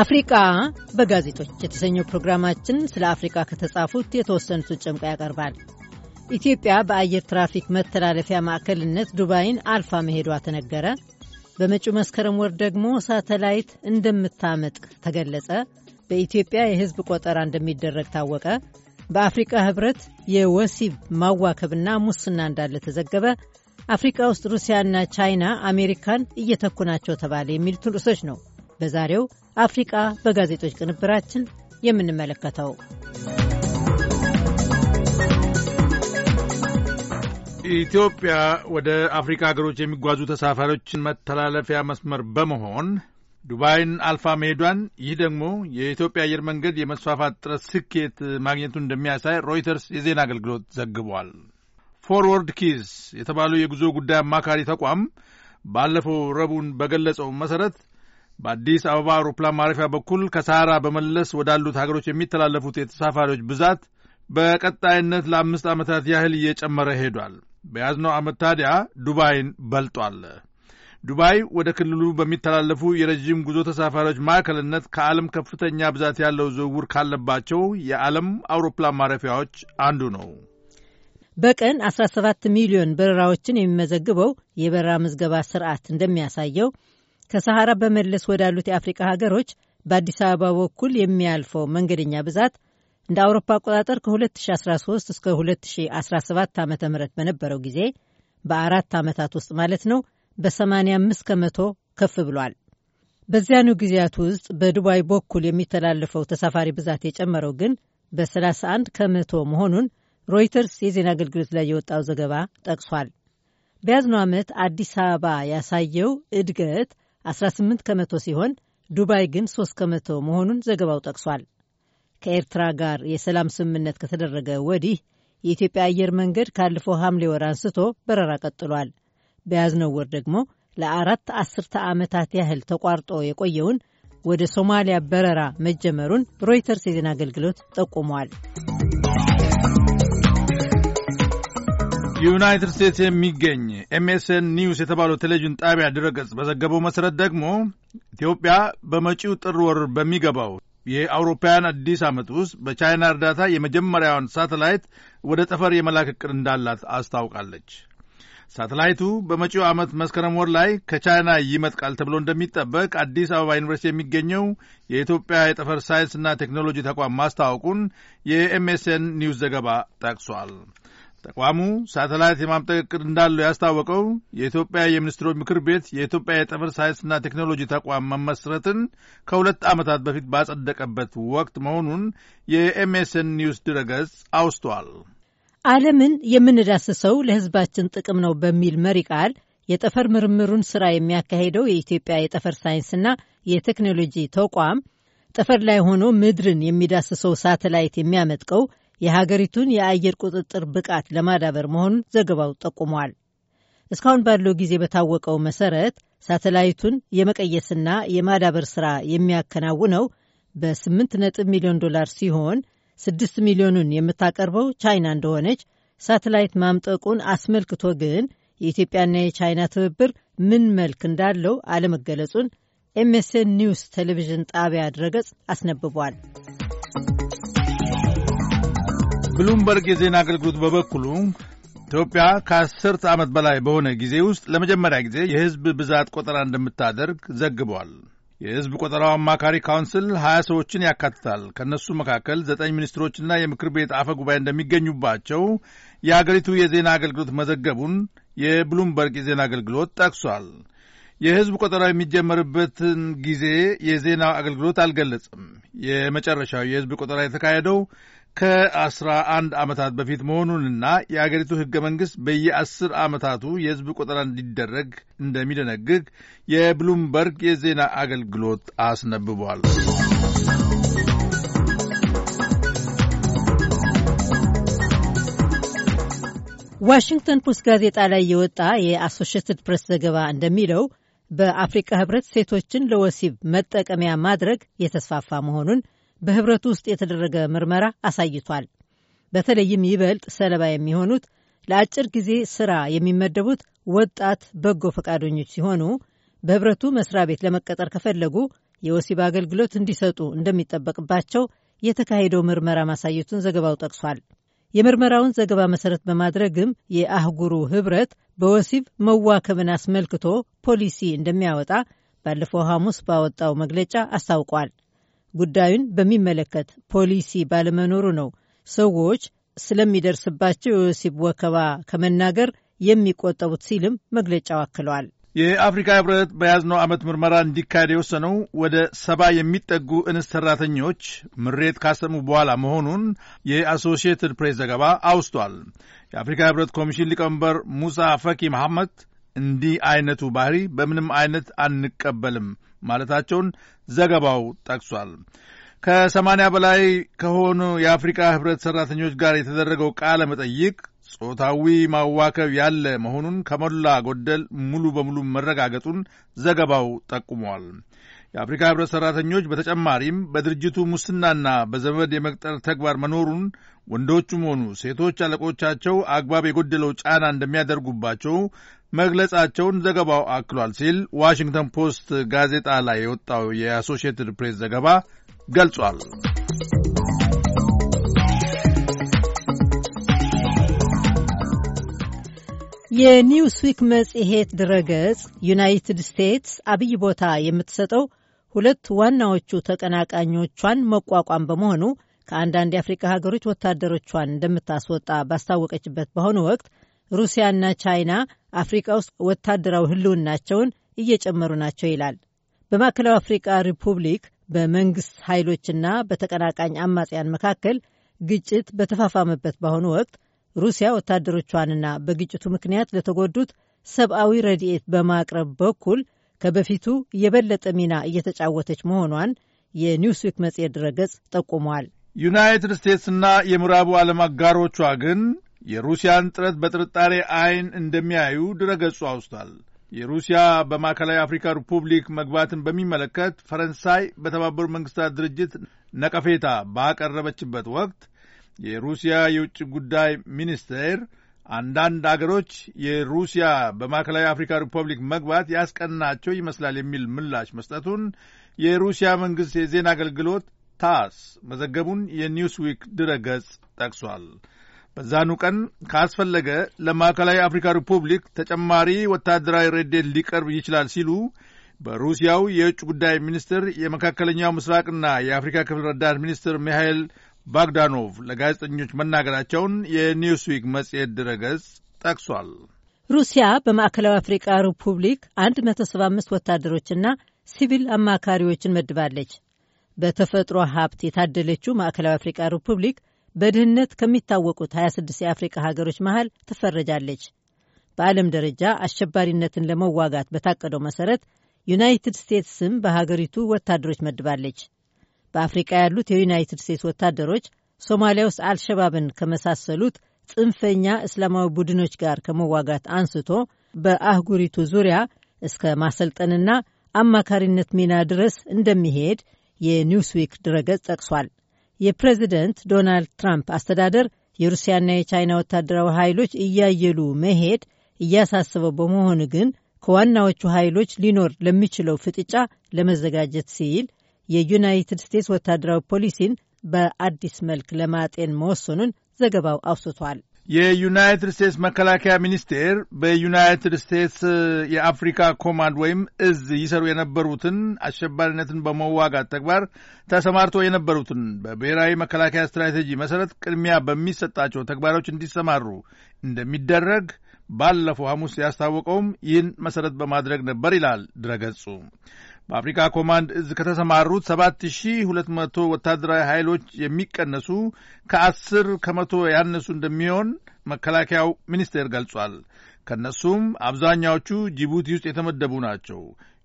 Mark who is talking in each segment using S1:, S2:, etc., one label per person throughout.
S1: አፍሪቃ በጋዜጦች የተሰኘው ፕሮግራማችን ስለ አፍሪቃ ከተጻፉት የተወሰኑትን ጨምቆ ያቀርባል። ኢትዮጵያ በአየር ትራፊክ መተላለፊያ ማዕከልነት ዱባይን አልፋ መሄዷ ተነገረ። በመጪው መስከረም ወር ደግሞ ሳተላይት እንደምታመጥቅ ተገለጸ። በኢትዮጵያ የሕዝብ ቆጠራ እንደሚደረግ ታወቀ። በአፍሪቃ ህብረት የወሲብ ማዋከብና ሙስና እንዳለ ተዘገበ። አፍሪቃ ውስጥ ሩሲያና ቻይና አሜሪካን እየተኩናቸው ተባለ። የሚሉትን ርዕሶች ነው በዛሬው አፍሪቃ በጋዜጦች ቅንብራችን የምንመለከተው
S2: ኢትዮጵያ ወደ አፍሪካ ሀገሮች የሚጓዙ ተሳፋሪዎችን መተላለፊያ መስመር በመሆን ዱባይን አልፋ መሄዷን ይህ ደግሞ የኢትዮጵያ አየር መንገድ የመስፋፋት ጥረት ስኬት ማግኘቱን እንደሚያሳይ ሮይተርስ የዜና አገልግሎት ዘግቧል። ፎርወርድ ኪስ የተባለው የጉዞ ጉዳይ አማካሪ ተቋም ባለፈው ረቡን በገለጸው መሰረት በአዲስ አበባ አውሮፕላን ማረፊያ በኩል ከሳራ በመለስ ወዳሉት ሀገሮች የሚተላለፉት የተሳፋሪዎች ብዛት በቀጣይነት ለአምስት ዓመታት ያህል እየጨመረ ሄዷል። በያዝነው ዓመት ታዲያ ዱባይን በልጧል። ዱባይ ወደ ክልሉ በሚተላለፉ የረዥም ጉዞ ተሳፋሪዎች ማዕከልነት ከዓለም ከፍተኛ ብዛት ያለው ዝውውር ካለባቸው የዓለም አውሮፕላን ማረፊያዎች አንዱ ነው።
S1: በቀን 17 ሚሊዮን በረራዎችን የሚመዘግበው የበረራ ምዝገባ ስርዓት እንደሚያሳየው ከሰሐራ በመለስ ወዳሉት የአፍሪቃ ሀገሮች በአዲስ አበባ በኩል የሚያልፈው መንገደኛ ብዛት እንደ አውሮፓ አቆጣጠር ከ2013 እስከ 2017 ዓ ም በነበረው ጊዜ በአራት ዓመታት ውስጥ ማለት ነው በ85 ከመቶ ከፍ ብሏል። በዚያኑ ጊዜያት ውስጥ በዱባይ በኩል የሚተላለፈው ተሳፋሪ ብዛት የጨመረው ግን በ31 ከመቶ መሆኑን ሮይተርስ የዜና አገልግሎት ላይ የወጣው ዘገባ ጠቅሷል። በያዝነው ዓመት አዲስ አበባ ያሳየው እድገት 18 ከመቶ ሲሆን ዱባይ ግን 3 ከመቶ መሆኑን ዘገባው ጠቅሷል። ከኤርትራ ጋር የሰላም ስምምነት ከተደረገ ወዲህ የኢትዮጵያ አየር መንገድ ካለፈው ሐምሌ ወር አንስቶ በረራ ቀጥሏል። በያዝነው ወር ደግሞ ለአራት አስርተ ዓመታት ያህል ተቋርጦ የቆየውን ወደ ሶማሊያ በረራ መጀመሩን ሮይተርስ የዜና አገልግሎት ጠቁሟል።
S2: ዩናይትድ ስቴትስ የሚገኝ ኤምኤስኤን ኒውስ የተባለው ቴሌቪዥን ጣቢያ ድረገጽ በዘገበው መሰረት ደግሞ ኢትዮጵያ በመጪው ጥር ወር በሚገባው የአውሮፓውያን አዲስ ዓመት ውስጥ በቻይና እርዳታ የመጀመሪያውን ሳተላይት ወደ ጠፈር የመላክ እንዳላት አስታውቃለች። ሳተላይቱ በመጪው ዓመት መስከረም ወር ላይ ከቻይና ይመጥቃል ተብሎ እንደሚጠበቅ አዲስ አበባ ዩኒቨርሲቲ የሚገኘው የኢትዮጵያ የጠፈር ሳይንስና ቴክኖሎጂ ተቋም ማስታወቁን የኤምኤስኤን ኒውስ ዘገባ ጠቅሷል። ተቋሙ ሳተላይት የማምጠቅ እቅድ እንዳለው ያስታወቀው የኢትዮጵያ የሚኒስትሮች ምክር ቤት የኢትዮጵያ የጠፈር ሳይንስና ቴክኖሎጂ ተቋም መመስረትን ከሁለት ዓመታት በፊት ባጸደቀበት ወቅት መሆኑን የኤምኤስን ኒውስ ድረገጽ አውስቷል።
S1: ዓለምን የምንዳስሰው ለሕዝባችን ጥቅም ነው በሚል መሪ ቃል የጠፈር ምርምሩን ስራ የሚያካሄደው የኢትዮጵያ የጠፈር ሳይንስና የቴክኖሎጂ ተቋም ጠፈር ላይ ሆኖ ምድርን የሚዳስሰው ሳተላይት የሚያመጥቀው የሀገሪቱን የአየር ቁጥጥር ብቃት ለማዳበር መሆኑን ዘገባው ጠቁሟል። እስካሁን ባለው ጊዜ በታወቀው መሰረት ሳተላይቱን የመቀየስና የማዳበር ስራ የሚያከናውነው በ8 ነጥብ ሚሊዮን ዶላር ሲሆን 6 ሚሊዮኑን የምታቀርበው ቻይና እንደሆነች፣ ሳተላይት ማምጠቁን አስመልክቶ ግን የኢትዮጵያና የቻይና ትብብር ምን መልክ እንዳለው አለመገለጹን ኤምኤስኤን ኒውስ ቴሌቪዥን ጣቢያ ድረገጽ አስነብቧል።
S2: ብሉምበርግ የዜና አገልግሎት በበኩሉ ኢትዮጵያ ከአስርት ዓመት በላይ በሆነ ጊዜ ውስጥ ለመጀመሪያ ጊዜ የሕዝብ ብዛት ቆጠራ እንደምታደርግ ዘግቧል። የሕዝብ ቆጠራው አማካሪ ካውንስል ሀያ ሰዎችን ያካትታል። ከእነሱ መካከል ዘጠኝ ሚኒስትሮችና የምክር ቤት አፈ ጉባኤ እንደሚገኙባቸው የአገሪቱ የዜና አገልግሎት መዘገቡን የብሉምበርግ የዜና አገልግሎት ጠቅሷል። የሕዝብ ቆጠራ የሚጀመርበትን ጊዜ የዜና አገልግሎት አልገለጽም። የመጨረሻው የሕዝብ ቆጠራ የተካሄደው ከአስራ አንድ ዓመታት በፊት መሆኑንና የአገሪቱ ሕገ መንግሥት በየአስር ዓመታቱ የሕዝብ ቆጠራ እንዲደረግ እንደሚደነግግ የብሉምበርግ የዜና አገልግሎት አስነብቧል።
S1: ዋሽንግተን ፖስት ጋዜጣ ላይ የወጣ የአሶሽትድ ፕሬስ ዘገባ እንደሚለው በአፍሪካ ህብረት ሴቶችን ለወሲብ መጠቀሚያ ማድረግ የተስፋፋ መሆኑን በህብረት ውስጥ የተደረገ ምርመራ አሳይቷል። በተለይም ይበልጥ ሰለባ የሚሆኑት ለአጭር ጊዜ ስራ የሚመደቡት ወጣት በጎ ፈቃደኞች ሲሆኑ በህብረቱ መስሪያ ቤት ለመቀጠር ከፈለጉ የወሲብ አገልግሎት እንዲሰጡ እንደሚጠበቅባቸው የተካሄደው ምርመራ ማሳየቱን ዘገባው ጠቅሷል። የምርመራውን ዘገባ መሰረት በማድረግም የአህጉሩ ህብረት በወሲብ መዋከብን አስመልክቶ ፖሊሲ እንደሚያወጣ ባለፈው ሐሙስ ባወጣው መግለጫ አስታውቋል። ጉዳዩን በሚመለከት ፖሊሲ ባለመኖሩ ነው ሰዎች ስለሚደርስባቸው የወሲብ ወከባ ከመናገር የሚቆጠቡት ሲልም መግለጫው አክለዋል።
S2: የአፍሪካ ህብረት በያዝነው ዓመት ምርመራ እንዲካሄድ የወሰነው ወደ ሰባ የሚጠጉ እንስት ሠራተኞች ምሬት ካሰሙ በኋላ መሆኑን የአሶሺየትድ ፕሬስ ዘገባ አውስቷል። የአፍሪካ ህብረት ኮሚሽን ሊቀመንበር ሙሳ ፈኪ መሐመድ እንዲህ አይነቱ ባህሪ በምንም አይነት አንቀበልም ማለታቸውን ዘገባው ጠቅሷል። ከሰማንያ በላይ ከሆኑ የአፍሪካ ህብረት ሰራተኞች ጋር የተደረገው ቃለ መጠይቅ ጾታዊ ማዋከብ ያለ መሆኑን ከሞላ ጎደል ሙሉ በሙሉ መረጋገጡን ዘገባው ጠቁሟል። የአፍሪካ ህብረት ሠራተኞች በተጨማሪም በድርጅቱ ሙስናና በዘመድ የመቅጠር ተግባር መኖሩን ወንዶቹም ሆኑ ሴቶች አለቆቻቸው አግባብ የጎደለው ጫና እንደሚያደርጉባቸው መግለጻቸውን ዘገባው አክሏል ሲል ዋሽንግተን ፖስት ጋዜጣ ላይ የወጣው የአሶሺየትድ ፕሬስ ዘገባ ገልጿል።
S1: የኒውስዊክ መጽሔት ድረገጽ ዩናይትድ ስቴትስ አብይ ቦታ የምትሰጠው ሁለት ዋናዎቹ ተቀናቃኞቿን መቋቋም በመሆኑ ከአንዳንድ የአፍሪካ ሀገሮች ወታደሮቿን እንደምታስወጣ ባስታወቀችበት በአሁኑ ወቅት ሩሲያና ቻይና አፍሪቃ ውስጥ ወታደራዊ ህልውናቸውን እየጨመሩ ናቸው ይላል። በማዕከላዊ አፍሪቃ ሪፑብሊክ በመንግስት ኃይሎችና በተቀናቃኝ አማጽያን መካከል ግጭት በተፋፋመበት በአሁኑ ወቅት ሩሲያ ወታደሮቿንና በግጭቱ ምክንያት ለተጎዱት ሰብአዊ ረድኤት በማቅረብ በኩል ከበፊቱ የበለጠ ሚና እየተጫወተች መሆኗን የኒውስዊክ መጽሔት ድረገጽ ጠቁሟል።
S2: ዩናይትድ ስቴትስና የምዕራቡ ዓለም አጋሮቿ ግን የሩሲያን ጥረት በጥርጣሬ አይን እንደሚያዩ ድረገጹ አውስቷል። የሩሲያ በማዕከላዊ አፍሪካ ሪፑብሊክ መግባትን በሚመለከት ፈረንሳይ በተባበሩት መንግስታት ድርጅት ነቀፌታ ባቀረበችበት ወቅት የሩሲያ የውጭ ጉዳይ ሚኒስቴር አንዳንድ አገሮች የሩሲያ በማዕከላዊ አፍሪካ ሪፐብሊክ መግባት ያስቀናቸው ይመስላል የሚል ምላሽ መስጠቱን የሩሲያ መንግሥት የዜና አገልግሎት ታስ መዘገቡን የኒውስዊክ ድረገጽ ጠቅሷል። በዛኑ ቀን ካስፈለገ ለማዕከላዊ አፍሪካ ሪፑብሊክ ተጨማሪ ወታደራዊ ረዴት ሊቀርብ ይችላል ሲሉ በሩሲያው የውጭ ጉዳይ ሚኒስትር የመካከለኛው ምስራቅና የአፍሪካ ክፍል ረዳት ሚኒስትር ሚሃኤል ባግዳኖቭ ለጋዜጠኞች መናገራቸውን የኒውስዊክ መጽሔት ድረገጽ ጠቅሷል።
S1: ሩሲያ በማዕከላዊ አፍሪቃ ሪፑብሊክ 175 ወታደሮችና ሲቪል አማካሪዎችን መድባለች። በተፈጥሮ ሀብት የታደለችው ማዕከላዊ አፍሪቃ ሪፑብሊክ በድህነት ከሚታወቁት 26 የአፍሪቃ ሀገሮች መሃል ትፈረጃለች። በዓለም ደረጃ አሸባሪነትን ለመዋጋት በታቀደው መሰረት ዩናይትድ ስቴትስም በሀገሪቱ ወታደሮች መድባለች። በአፍሪቃ ያሉት የዩናይትድ ስቴትስ ወታደሮች ሶማሊያ ውስጥ አልሸባብን ከመሳሰሉት ጽንፈኛ እስላማዊ ቡድኖች ጋር ከመዋጋት አንስቶ በአህጉሪቱ ዙሪያ እስከ ማሰልጠንና አማካሪነት ሚና ድረስ እንደሚሄድ የኒውስዊክ ድረገጽ ጠቅሷል። የፕሬዚደንት ዶናልድ ትራምፕ አስተዳደር የሩሲያና የቻይና ወታደራዊ ኃይሎች እያየሉ መሄድ እያሳሰበው በመሆኑ ግን ከዋናዎቹ ኃይሎች ሊኖር ለሚችለው ፍጥጫ ለመዘጋጀት ሲል የዩናይትድ ስቴትስ ወታደራዊ ፖሊሲን በአዲስ መልክ ለማጤን መወሰኑን ዘገባው አውስቷል።
S2: የዩናይትድ ስቴትስ መከላከያ ሚኒስቴር በዩናይትድ ስቴትስ የአፍሪካ ኮማንድ ወይም እዝ ይሰሩ የነበሩትን አሸባሪነትን በመዋጋት ተግባር ተሰማርቶ የነበሩትን በብሔራዊ መከላከያ ስትራቴጂ መሰረት ቅድሚያ በሚሰጣቸው ተግባሮች እንዲሰማሩ እንደሚደረግ ባለፈው ሐሙስ ያስታወቀውም ይህን መሰረት በማድረግ ነበር ይላል ድረገጹ። በአፍሪካ ኮማንድ እዝ ከተሰማሩት 7200 ወታደራዊ ኃይሎች የሚቀነሱ ከ10 ከመቶ ያነሱ እንደሚሆን መከላከያው ሚኒስቴር ገልጿል። ከእነሱም አብዛኛዎቹ ጅቡቲ ውስጥ የተመደቡ ናቸው።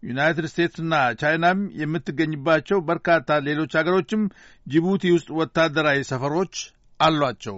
S2: ዩናይትድ ስቴትስና ቻይናም የምትገኝባቸው በርካታ ሌሎች አገሮችም ጅቡቲ ውስጥ ወታደራዊ ሰፈሮች አሏቸው።